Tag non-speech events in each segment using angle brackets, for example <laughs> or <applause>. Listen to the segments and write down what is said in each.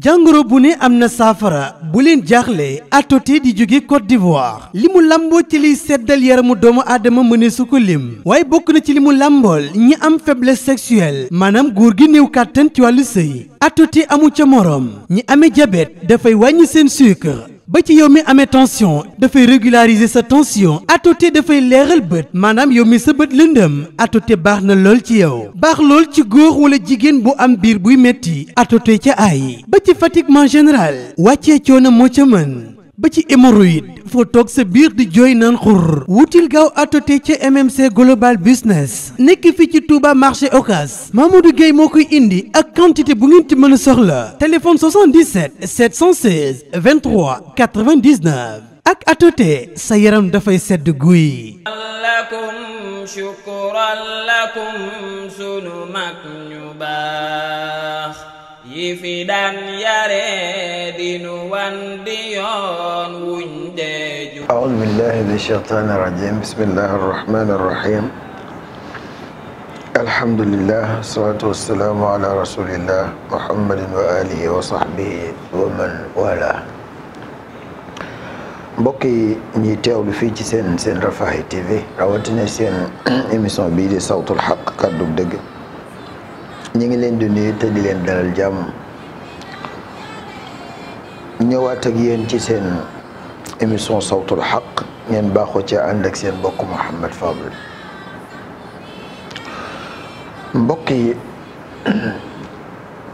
jàngoro bu ne am na saafara bu leen jaaxle atoti di jóge Côte d'Ivoire li mu làmboo ci liy seddal yaramu doomu aadama mëne su ko lim waaye bokk na ci li mu làmbool ñi am faiblesse sexuelle maanaam góor gi néew kàttan ci wàllu sëy atoti amu ca moroom ñi amee diabète dafay wàññi seen kër ba ci yow mi amee tension dafay régulariser sa tension atoté dafay leeral bët maanaam yow mi sa bët lëndëm atoté baax na lool ci yow baax lool ci góor wala jigéen bu am biir buy metti atoté ca ay ba ci fatiguement général wàccee coono moo ca mën ba ci hémorroïde foo toog sa biir di jooy naan xur wutil gaaw atoté ca MMC global business nekk fii ci Touba marché Ocass Mamadou Gueye moo koy indi ak quantité bu ngeen ci mën a soxla téléphone 77 716 23 99 ak atoté sa yaram dafay sedd guy lakum shukran lakum sunu mag ñu baax ñi fi daan yare dinu wan di yoon wuñ deeju aoudu billahi min shaytaan irajim bismillahi arrahmani irrahim alhamdulillah wasalatu wasalaamu ala rasulillah muhammadin wa alihi wa wa man wala mbokk yi ñiy teewlu fii ci seen seen Rafah TV rawatina seen <clears throat> émission bii di sawtul xaq kàddu dëgg ñu ngi leen di nuyu te di ñëwaat ak yéen ci seen émission sawtul xaq ngeen baaxu ci ànd ak seen mbokk Mouhamed Fadel mbokk yi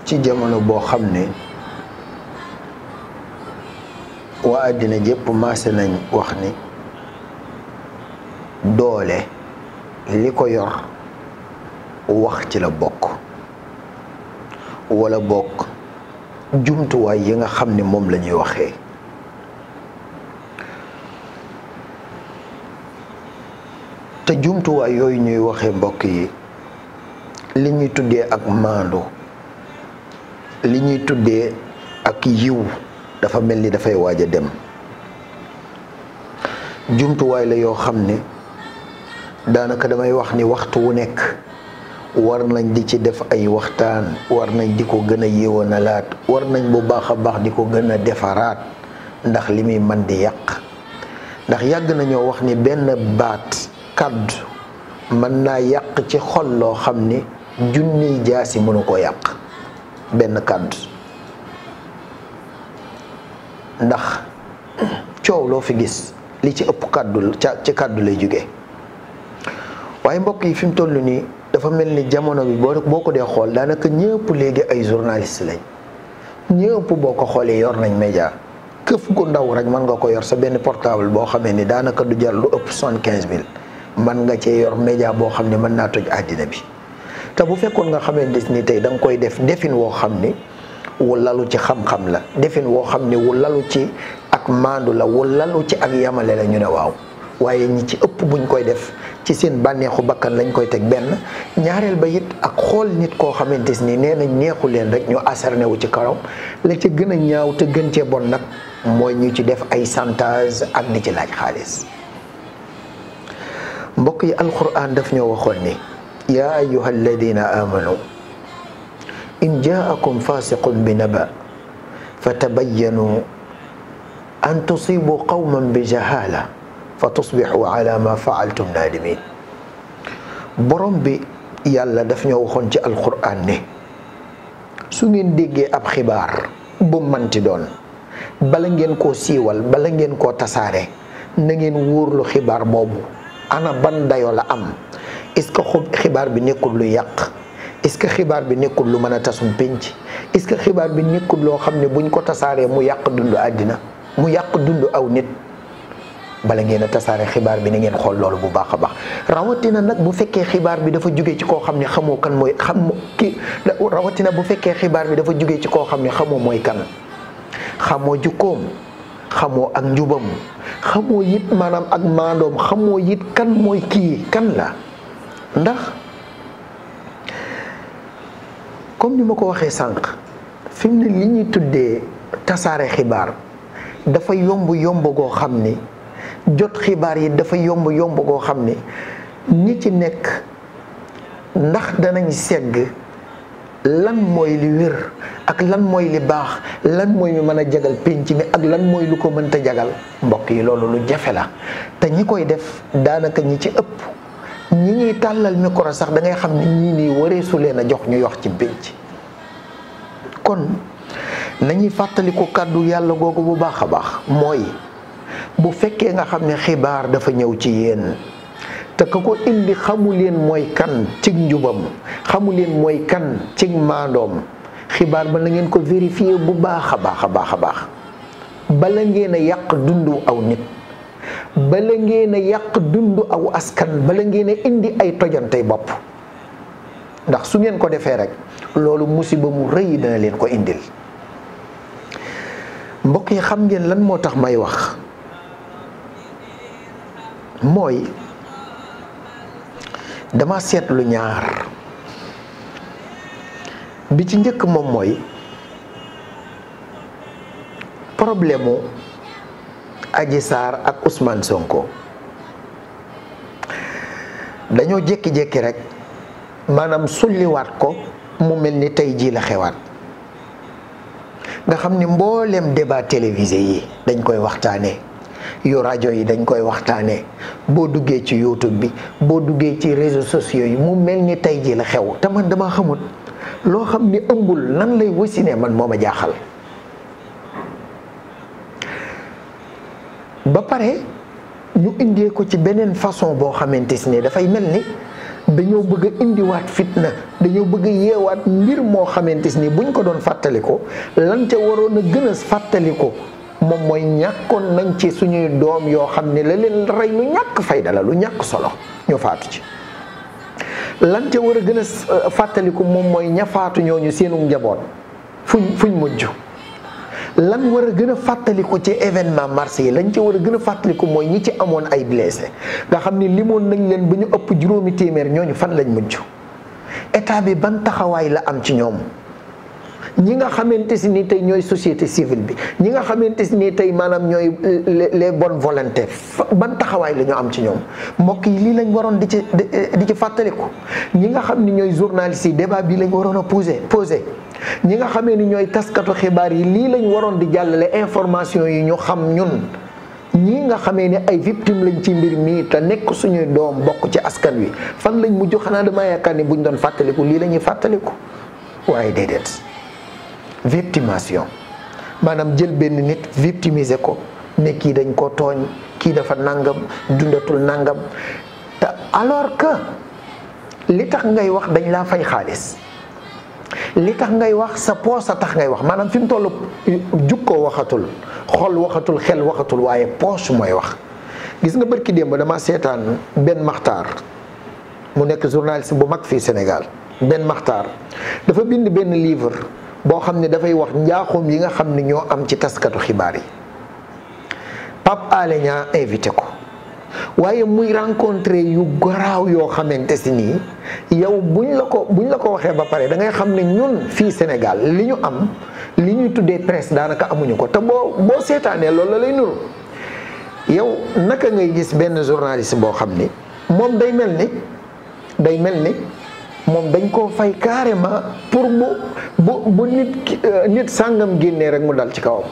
ci jamono boo xam ne waa àddina jëpp maase nañ wax ni doole li ko yor wax ci la bokk wala bokk jumtuwaay yi nga xam ni moom lañuy ñuy waxee te jumtuwaay yooyu ñuy waxee mbokk yi li ñuy tuddee ak maandu li ñuy tuddee ak yiw dafa mel ni dafay waaj a dem jumtuwaay la yoo xam ne daanaka damay wax ni waxtu wu nekk war nañ di ci def ay waxtaan war nañ di ko gën a yéwanalaat war nañ bu baax a baax di ko gën a defaraat ndax li muy man di yàq ndax yàgg nañoo wax ni benn baat kàddu mën naa yàq ci xol loo xam ni junniy jaasi mënu ko yàq benn kàddu ndax coow loo fi gis li ci ëpp kàddu kàddu lay jóge waaye mbokk yi fi mu nii dafa mel ni jamono bi boo boo ko dee xool daanaka ñëpp léegi ay journaliste lañ ñëpp boo ko xoolee yor nañ média këf gu ndaw rek mën nga ko yor sa benn portable boo xamee ni daanaka du jar lu ëpp soixante quinze mille mën nga cee yor média boo xam ne mën naa toj àddina bi te bu fekkoon nga xamante ni tey da nga koy def defin woo xam ni wu lalu ci xam-xam la defin woo xam ni wu lalu ci ak maandu la wu lalu ci ak yamale la ñu ne waaw waaye ñi ci ëpp buñ koy def ci seen bànneexu bakkan lañ koy teg benn ñaareel ba it ak xool nit koo xamante ni nee nañ neexu leen rek ñu asarne wu ci karam la ci gën a ñaaw te gën cee bon nag mooy ñu ci def ay chantage ak di ci laaj xaalis mbokk yi alquran daf ñoo waxoon ni ya ayuha alladina amanu in jaakum fasiqun bi naba fa tabayyanu an tusibu qawman bi jahala fa tusbixu ala ma faaltum naadimin borom bi yàlla daf ñoo waxoon ci alquran ne su ngeen déggee ab xibaar bu manti doon bala ngeen koo siiwal bala ngeen koo tasaare na ngeen wóorlu xibaar boobu ana ban dayoo la am est-ce que xibaar bi nekkul lu yàq est-ce que xibaar bi nekkul lu mën a tasum pénc est-ce que xibaar bi nekkul loo xam ne buñ ko tasaaree mu yàq dundu àddina mu yàq dund aw nit bala ngeen a tasaare xibaar bi na ngeen xool loolu bu baax a baax rawatina nag bu fekkee xibaar bi dafa jóge ci koo xam ni xamoo kan mooy xam ki rawatina bu fekkee xibaar bi dafa jugee ci koo xam ni xamoo mooy kan xamoo jukkoom xamoo ak njubam xamoo it maanaam ak maandoom xamoo it kan mooy kii kan la ndax comme ni ma ko waxee sànq fi mu li ñuy tuddee tasaare xibaar dafa yomb yomb goo xam ni jot xibaar yi dafa yomb yomb goo xam ne ñi ci nekk ndax danañ segg lan mooy li wér ak lan mooy li baax lan mooy mi mën a jagal pénc mi ak lan mooy lu ko mënta jagal mbokk yi loolu lu jafe la te ñi koy def daanaka ñi ci ëpp ñi ñuy tàllal micro sax da ngay xam ne ñii nii wareesu leen a jox ñu yox ci pénc kon nañuy fàttaliku kàddu yàlla googu bu baax a baax mooy bu fekkee nga xam ne xibaar dafa ñëw ci yéen te ka ko indi xamu leen mooy kan cig njubam xamu leen mooy kan cig maandoom xibaar ba na ngeen ko vérifier bu baax a baax a baax a baax bala ngeen a yàq dund aw nit bala ngeen a yàq dund aw askan bala ngeen a indi ay tojantey bopp ndax su ngeen ko defee rek loolu musiba mu rëy dana leen ko indil mbokk yi xam ngeen lan moo tax may wax mooy dama seetlu ñaar bi ci njëkk moom mooy problème mu Adji Sarr ak Ousmane Sonko dañoo jékki-jékki rek maanaam sulliwaat ko mu mel ni tey jii la xewaat nga xam ni mbooleem débat télévisé yi dañ koy waxtaanee. yoo rajo yi dañ koy waxtaanee boo duggee ci youtube bi boo duggee ci réseaux sociaux yi mu mel ni tey ji la xew te man dama xamul loo xam ni ëmbul lan lay wasinee man moo ma jaaxal ba pare ñu indee ko ci beneen façon boo xamante si dafay mel ni dañoo bëgg a indiwaat fitna dañoo bëgg a yeewaat mbir moo xamante si ni buñ ko doon fàttaliko lan ca waroon a gën fàttali ko moom mooy ñàkkoon nañ ci suñuy doom yoo xam ne la leen rey lu ñàkk fayda la lu ñàkk solo ñu faatu ci lan ca war a gën a euh, fàttaliku moom mooy ña faatu ñooñu seenum njaboot fuñ fuñ mujj lan war a gën a fàttaliku ci événement mars yi lañ ci war a gën a fàttaliku mooy ñi ci amoon ay blessé nga xam ni limoon nañ leen ba ñu ëpp juróomi téeméer ñooñu fan lañ mujj état bi ban taxawaay la am ci ñoom ñi nga xamante si ni tey ñooy societé civile bi ñi nga xamante si ni tey maanaam ñooy euh, les bonnes volontés ban taxawaay la ñu am ci ñoom mbokk yi lii lañ waroon di ci di euh, ci fàttaliku ñi nga xam ni ñooy journalistes yi débat bii lañ waroon a posé posé ñi nga xamee ni ñooy taskatu xibaar yi lii lañ waroon di jàllale information yi ñu xam ñun ñii nga xamee ne ay victime lañ ci mbir mii te nekk suñuy doom bokk ci askan wi fan lañ mujj xanaa damaa yaakaar ni buñ doon fàttaliku lii la ñuy fàttaliku waaye déedéet. victimation maanaam jël benn nit victimiser ko ne kii dañ koo tooñ kii dafa nangam dundatul nangam te alors que li tax ngay wax dañ laa fay xaalis li tax ngay wax sa poos a tax ngay wax maanaam fi mu toll jukkoo waxatul xol waxatul xel waxatul waaye poche mooy wax gis nga bët ki démb dama seetaan benn maxtaar mu nekk journaliste bu mag fii Sénégal benn maxtaar dafa bind benn livre boo xam ne dafay wax njaaxum yi nga xam ne ñoo am ci taskatu xibaar yi Pape Alé Niang invité ko waaye muy rencontré yu garaaw yoo xamante si nii yow buñ la ko buñ la ko waxee ba pare da ngay xam ne ñun fii Sénégal li ñu am li ñuy tuddee presse daanaka amuñu ko te boo boo seetaanee loolu la lay nuru yow naka ngay gis benn journaliste boo xam ni moom day mel ni day mel ni. moom dañ koo fay carrément pour bu bu bu nit euh, nit sàngam génnee rek mu dal ci kawam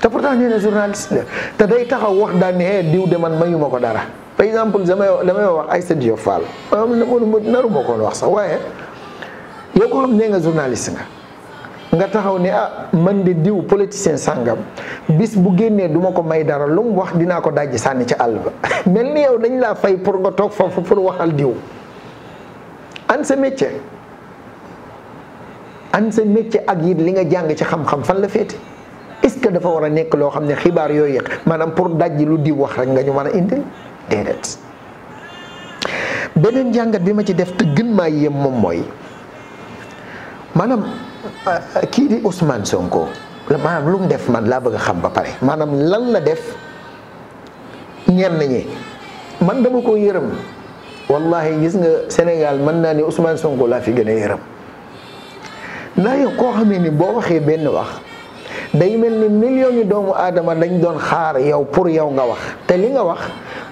te pour nee na journaliste la te day taxaw wax daan ne eh diw de mayuma ko dara par exemple damay damay wax Aïssa Diop Fall ah, naruma koon wax sax waaye yow ko xam ne nga taxaw ne ah man di diw politicien sàngam bis bu génnee duma ko may dara lu wax dinaa ko dajji sànni ci àll ba <laughs> mel ni yow dañ laa fay pour nga toog foofu pour waxal diw an sa métier an sa métier ak yit li nga jàng ci xam-xam fan la féete est-ce que dafa war a nekk loo xam ne xibaar yooyu yëpp maanaam pour dajji lu di wax rek nga ñu man a indil déedéet beneen jàngat bi ma ci def te maa yéem moom mooy maanaam euh, kii di Ousmane Sonko maanaam lu mu def man laa bëgg xam ba pare maanaam lan la def ñenn ñi man dama ko yërëm. wallahi gis nga Sénégal mën naa ne Ousmane Sonko laa fi gën yaram yërëm ndax yow koo ni boo waxee benn wax day mel ni million yu doomu aadama dañ doon xaar yow pour yow nga wax te li nga wax.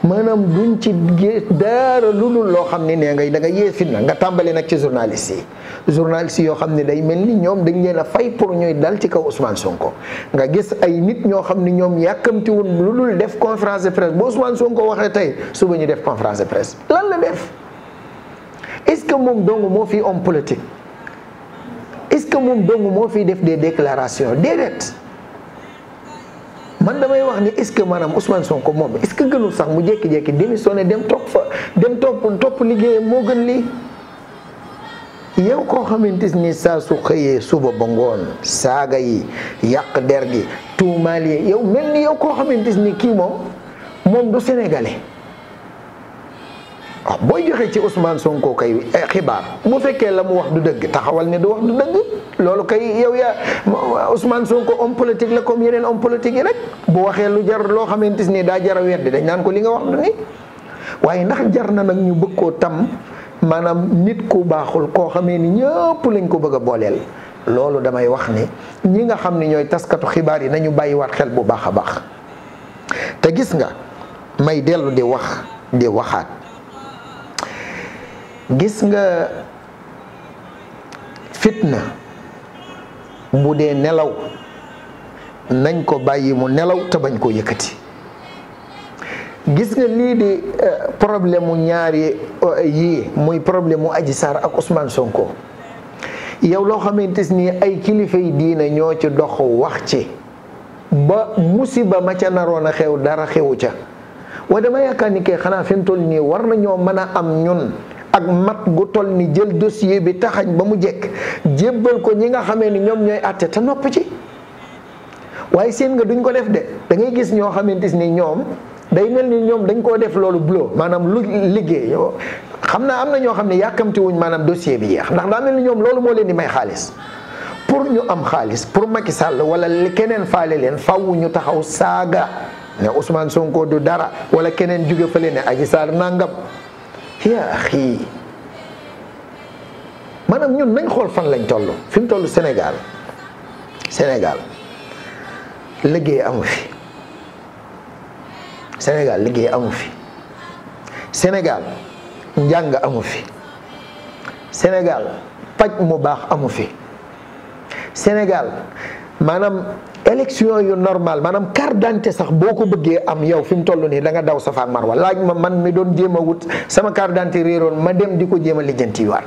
maanaam duñ ci gée dara lu dul loo xam ne nee ngay da nga yeefin na nga tàmbali nag ci journaliste yi journaliste yoo xam ne day mel ni ñoom dañ leen a fay pour ñooy dal ci kaw Ousmane ko nga gis ay nit ñoo xam ni ñoom yàkkamti woon lu dul def conférence de presse ba Ousmane Sonko waxee tey suba ñu def conférence de presse lan la def est-ce que moom dong moo fi homme politique est-ce que moom dong moo fi def des déclaration déedéet. man damay wax ni est-ce que maanaam Ousmane Sonko moom est-ce que gënul sax mu jékki-jékki démissionné dem toog fa dem topp topp liggéeyam moo gën lii. yow koo xamante ni saa su xëyee suba ba ngoon saaga yi yàq der gi tuumaal yi yow mel ni yow koo xamante ni kii moom moom du sénégalais. Ah, booy joxe ci Ousmane Sonko kay eh, xibaar bu fekkee la mu wax du dëgg taxawal ne du wax du dëgg loolu kay yow yaa Ousmane Sonko homme politique la comme yeneen homme politique yi rek bu waxee lu jar loo xamante ni daa jar a weddi dañ ko li nga wax du waaye ndax jar na nag ñu bëgg koo tam maanaam nit ku baaxul koo xamee ni ñëpp lañ ko bëgg a booleel loolu damay wax ni ñi nga xam ni ñooy taskatu xibaar yi nañu bàyyiwaat xel bu baax a baax te gis nga may dellu di wax di waxaat. gis nga fitna bu dee nelaw nañ ko bàyyi mu nelaw te bañ koo yëkkati gis nga lii di euh, problème ñaari euh, yii muy problème mu Adji Sarr ak Ousmane Sonko yow loo xamante ni ay kilifa yi diina ñoo ci dox wax ci ba musiba ma ca naroon a xew dara xewu ca wa dama yaakaar ni kay xanaa fi nii war nañoo mën a am ñun. ak mat gu toll ni jël dossier bi taxañ ba mu jekk jébbal ko ñi nga xamee ni ñoom ñooy àtte te nopp ci waaye seen nga duñ ko def de da ngay gis ñoo xamantis ni ñoom day mel ni ñoom dañ koo def loolu bulo maanaam lu liggéey xam naa am na ñoo xam ne yàkkamti maanaam dossier bi yeex ndax daa mel ni ñoom loolu moo leen di may xaalis pour ñu am xaalis pour Macky Sall wala keneen faale leen faww ñu taxaw saaga ne Ousmane Sonko du dara wala keneen jóge fële ne Adji Sarr yaa xii maanaam ñun nañ xool fan lañ toll fi mu toll Sénégal Sénégal liggéey amu fi Sénégal liggéey amu fi Sénégal njàng amu fi Sénégal paj mu baax amu fi Sénégal maanaam élection yu normal maanaam carte d'identité sax boo ko bëggee am yow fi mu toll nii da nga daw safa ak marwa laaj ma man mi doon jéem wut sama carte d'identité réeroon ma dem di ko jéem a lijjanti waat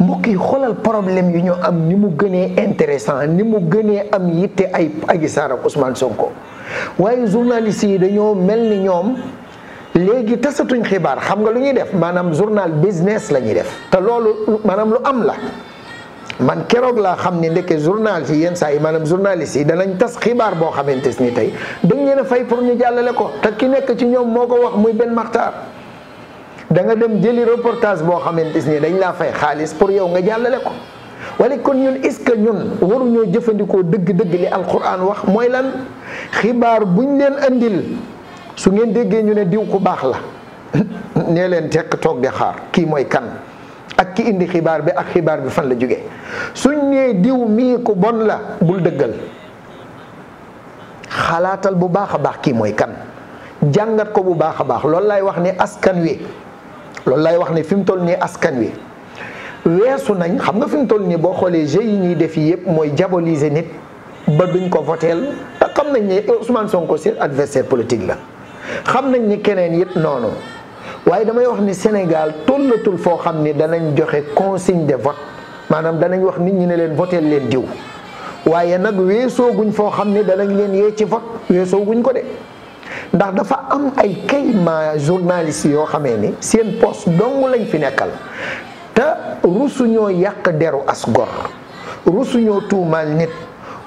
mbokk xoolal problème yu ñu am ni mu gënee intéressant ni mu gënee am yitte ay Adji Sarr ak Ousmane waaye journaliste yi dañoo mel ni ñoom léegi tasatuñ xibaar xam nga lu ñuy def maanaam journal business la ñuy def te loolu maanaam lu am la man keroog laa xam ne ndeke journal yi yenn saa yi maanaam journaliste yi danañ tas xibaar boo xamante nii tey dañ leen a fay pour ñu jàllale ko te ki nekk ci ñoom moo ko wax muy benn maxtaar da nga dem jëli reportage boo xamante ni dañ laa fay xaalis pour yow nga jàllale ko wala kon ñun est-ce que ñun waruñoo jëfandikoo dëgg-dëgg li alquran wax mooy lan xibaar buñ leen andil su ngeen déggee ñu ne diw ku baax la <laughs> ne leen tekk toog di xaar kii mooy kan. ak ki indi xibaar bi ak xibaar bi fan la jógee suñ nee diw mii ko bon la bul dëggal xalaatal bu baax a baax kii mooy kan jàngat ko bu baax a baax loolu lay wax ni askan wi loolu lay wax ne fi mu toll nii askan wi weesu nañ xam nga fi mu toll nii boo xoolee jeu yi ñuy def yëpp mooy diaboliser nit ba duñ ko voteel te xam nañ ne Ousmane Sonko seen adversaire politique la xam nañ ni keneen yëpp noonu. waaye damay wax ni Sénégal tollatul foo xam ni danañ joxe consigne de vote maanaam danañ wax nit ñi ne leen voteel leen diw waaye nag weesooguñ foo xam ni danañ leen yee ci vote weesooguñ ko de ndax dafa am ay kayma journaliste yoo xamee ni seen poste dong lañ fi nekkal te rusuñoo yàq deru as gor rusuñoo tuumaal nit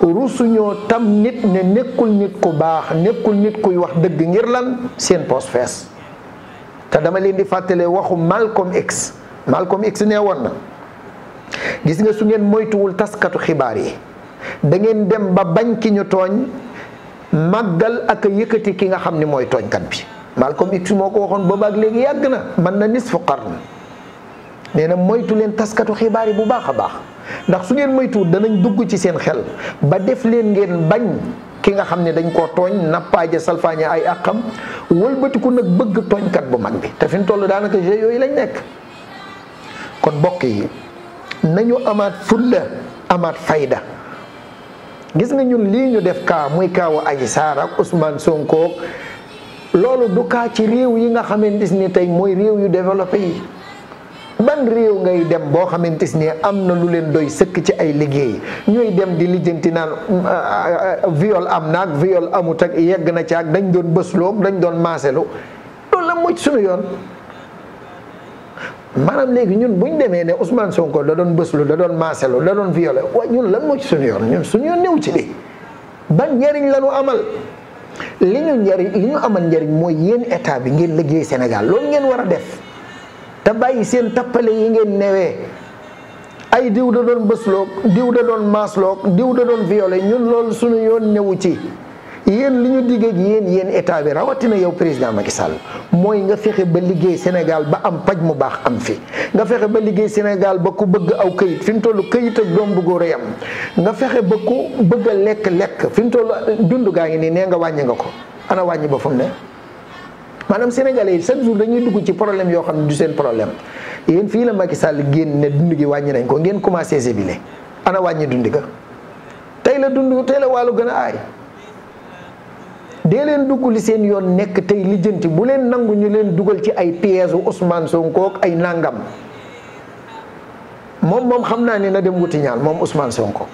rusuñoo tam nit ne nekkul nit ku baax nekkul nit kuy wax dëgg ngir lan seen poste fees te dama leen di fàttale waxu Malcolm X Malcolm X nee woon na gis nga su ngeen moytuwul taskatu xibaar yi dangeen ngeen dem ba bañ ki ñu tooñ màggal ak a yëkkati ki nga xam ni mooy tooñkat bi Malcolm X moo ko waxoon boobaak léegi yàgg na mën na nisfu qarn nee na moytu leen taskatu xibaar yi bu baax a baax ndax su ngeen moytuwul danañ dugg ci seen xel ba def leen ngeen bañ ki nga xam ne dañ koo tooñ nappaaje salfaañe ay àqam wëlbatiku nag bëgg tooñkat bu mag bi te fi mu toll daanaka jeu yooyu lañ nekk kon mbokk yi nañu amaat fulla amaat fayda gis nga ñun lii ñu def kaa muy kaawu Adji Sarr ak Ousmane loolu du kaa ci réew yi nga xamante ni tey mooy réew yu développé yi ban réew ngay dem boo xamante ni am na lu leen doy sëkk ci ay liggéey ñuy dem di lijjanti naan euh, euh, viole am naag viol amut ak yegg na ci ak dañ doon bësloog dañ doon maaselu loolu la mujj suñu yoon maanaam léegi ñun bu demee ne Ousmane Sonko da doon bëslu da doon maaselu da doon violé ñun lan moo ci suñu yoon ñun suñu yoon néew ci de ban njariñ la ñu amal li ñu njariñ li ñu amal njariñ mooy yéen état bi ngeen liggéey Sénégal loolu ngeen war a def te bàyyi seen tappale yi ngeen newee ay diw da doon bësloog diw da doon maasloog diw da doon violé ñun lool suñu yoon newu ci yéen li ñu digg ak yéen yéen état bi rawatina yow président Macky Sall mooy nga fexe ba liggéey Sénégal ba am paj mu baax am fi nga fexe ba liggéey Sénégal ba ku bëgg aw këyit fi mu toll këyit ak doom bu góor a yam nga fexe ba ku bëgg a lekk lekk fi mu toll dund gaa ngi nii nee nga wàññi nga ko ana wàññi ba fu ne. maanaam sénégalais yi chaque jour dañuy dugg ci problème yoo xam ne du seen problème yéen fii la Macky Sall génn ne dund gi wàññi nañ ko ngeen commencé sébile ana wàññi dundi ga tey la dund tey la wàllu gën a aay dee leen dugg li seen yoon nekk tey lijjanti bu leen nangu ñu leen dugal ci ay pièces u Ousmane ay nangam moom moom xam naa ne na dem wuti ñaan moom Ousmane Sonko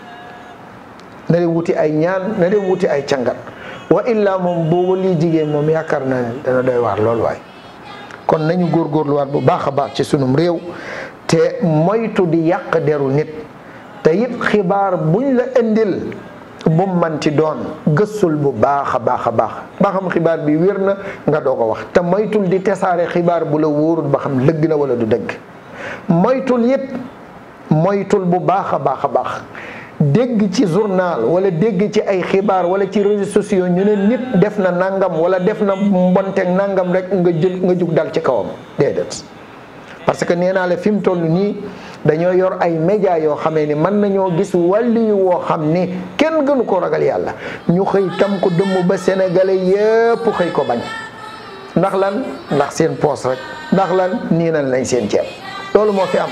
na dem wuti ay ñaan na dem wuti ay càngat. wa illaa moom boo wali jigéen moom yaakaar na dana doy waar loolu waay kon nañu góorgóorluwaat bu baax a baax ci sunum réew te moytu di yàq deru nit te it xibaar buñ la indil bu man ci doon gëstul bu baax a baax a baax ba xam xibaar bi wér na nga doog ko wax te moytul di tesaare xibaar bu la wóorul ba xam dëgg la wala du dëgg moytul it moytul bu baax a baax a baax dégg ci journal wala dégg ci ay xibaar wala ci réseaux sociaux ñu ne nit def na nangam wala def na mbonteeg nangam rek nga jël nga jug dal ci kawam déedéet. parce que nee naa la fi mu toll nii dañoo yor ay média yoo xamee ni mën nañoo gis wàllu woo xam ni kenn gënu ko ragal yàlla ñu xëy tam ko dëmm ba sénégalais yépp xëy ko bañ ndax lan ndax seen poos rek ndax lan nii nan lañ seen ceeb loolu moo fi am.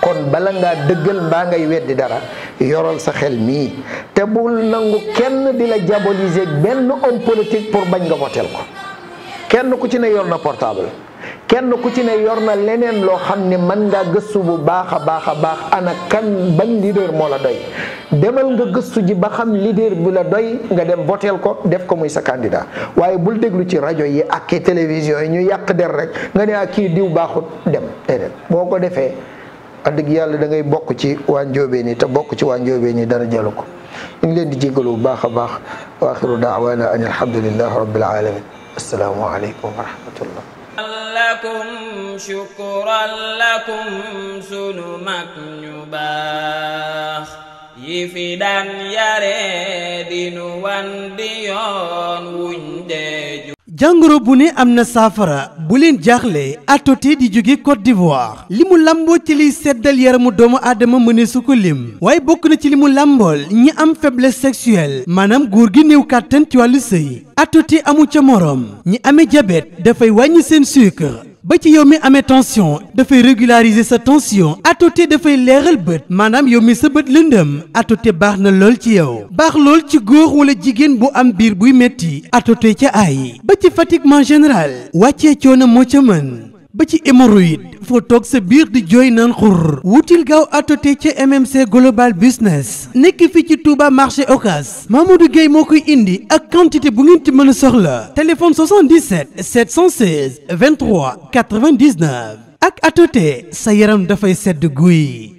kon bala ngaa dëggal mbaa ngay weddi dara yoral sa xel mii te bul nangu kenn di la diaboliser benn homme politique pour bañ nga voteel ko kenn ku ci ne yor na portable kenn ku ci ne yor na leneen loo xam ne mën ngaa gëstu bu baax a baax a baax ana kan ban leader moo la doy demal nga gëstu ji ba xam leader bi la doy nga dem voteel ko def ko muy sa candidat waaye bul déglu ci rajo yi ak télévision yi ñu yàq der rek nga ne ak ah, kii diw baaxut dem déedéet boo ko defee wax dëgg yàlla dangay ngay bokk ci waa Njóobeen yi te bokk ci waa Njóobeen yi dara jalu ko ñu leen di jégalu bu baax a baax wa axiru daawaana an alhamdulillahi rabbil alamin assalaamu aleykum wa rahmatullah lakum shukran lakum sunu mag yi fi daan yare dinu wan di jàngoro bu ne am na saafara bu leen jaaxle atoti di jóge Côte d'Ivoire li mu làmboo ci liy seddal yaramu doomu aadama mëne su ko lim waaye bokk na ci li mu làmbool ñi am faiblesse sexuelle maanaam góor gi néew kàttan ci wàllu sëy atoti amu ca moroom ñi amee diabète dafay wàññi seen kër ba ci yow mi amee tension dafay régulariser sa tension atoté dafay leeral bët maanaam yow mi sa bët lëndëm atoté baax na lool ci yow baax lool ci góor wala jigéen bu am biir buy metti atoté ca ay ba ci fatiguement général wàccee coono moo ca mën ba ci hémorroïde foo toog sa biir di jooy naan xur wutil gaaw atoté ca MMC Global Business nekk fii ci Touba marché Ocass Mamadou Gueye moo koy indi ak quantité bu ngeen ci mën a soxla téléphone 77 716 23 99 ak atoté sa yaram dafay sedd guy